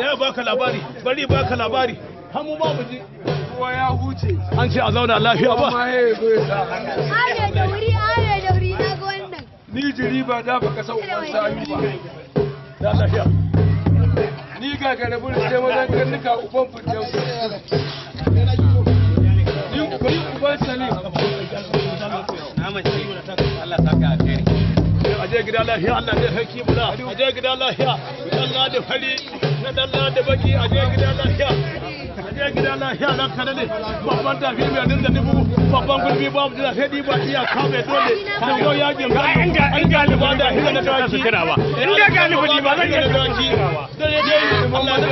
ya baka labari bari baka labari hamu ba mu ji kowa ya huce an ce a zauna lafiya ba are da wuri da wuri na ga wannan ni jiri ba da baka sau ban sami da lafiya ni ga garabun sai wajen karnuka uban fitan je gida Allah zai sarki mula a je gida lafiya dalla da fari na dalla da baki a je gida lafiya a je gida lafiya nan kada ne babban tafi mai din da dubu babban gulbi babu sai iya kame dole kan da hira in ga ba zan Allah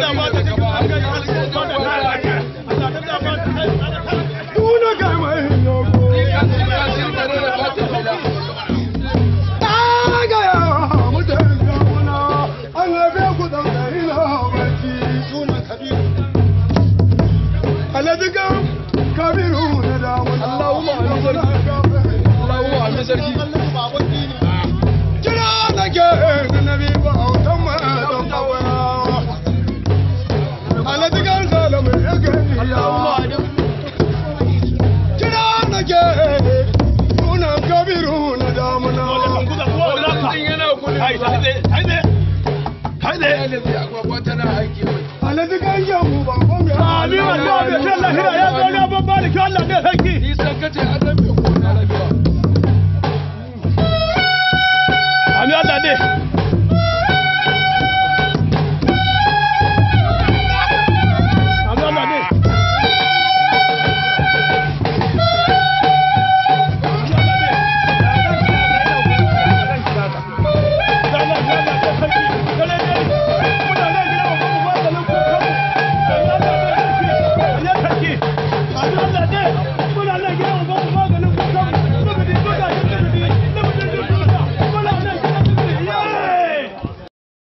دقوا كاميرون داون اللهم على زرقي اللهم على زرقي جنانك النبي وتم تطوع على دقوا الظلم يقل اللهم على جنانك كنا كاميرون دامنا هيدا هيدا هيدا هيدا يا قوتنا هيك amira da bai kalla hira ya zo na babba da kalla ne hakki ni sai kace annabi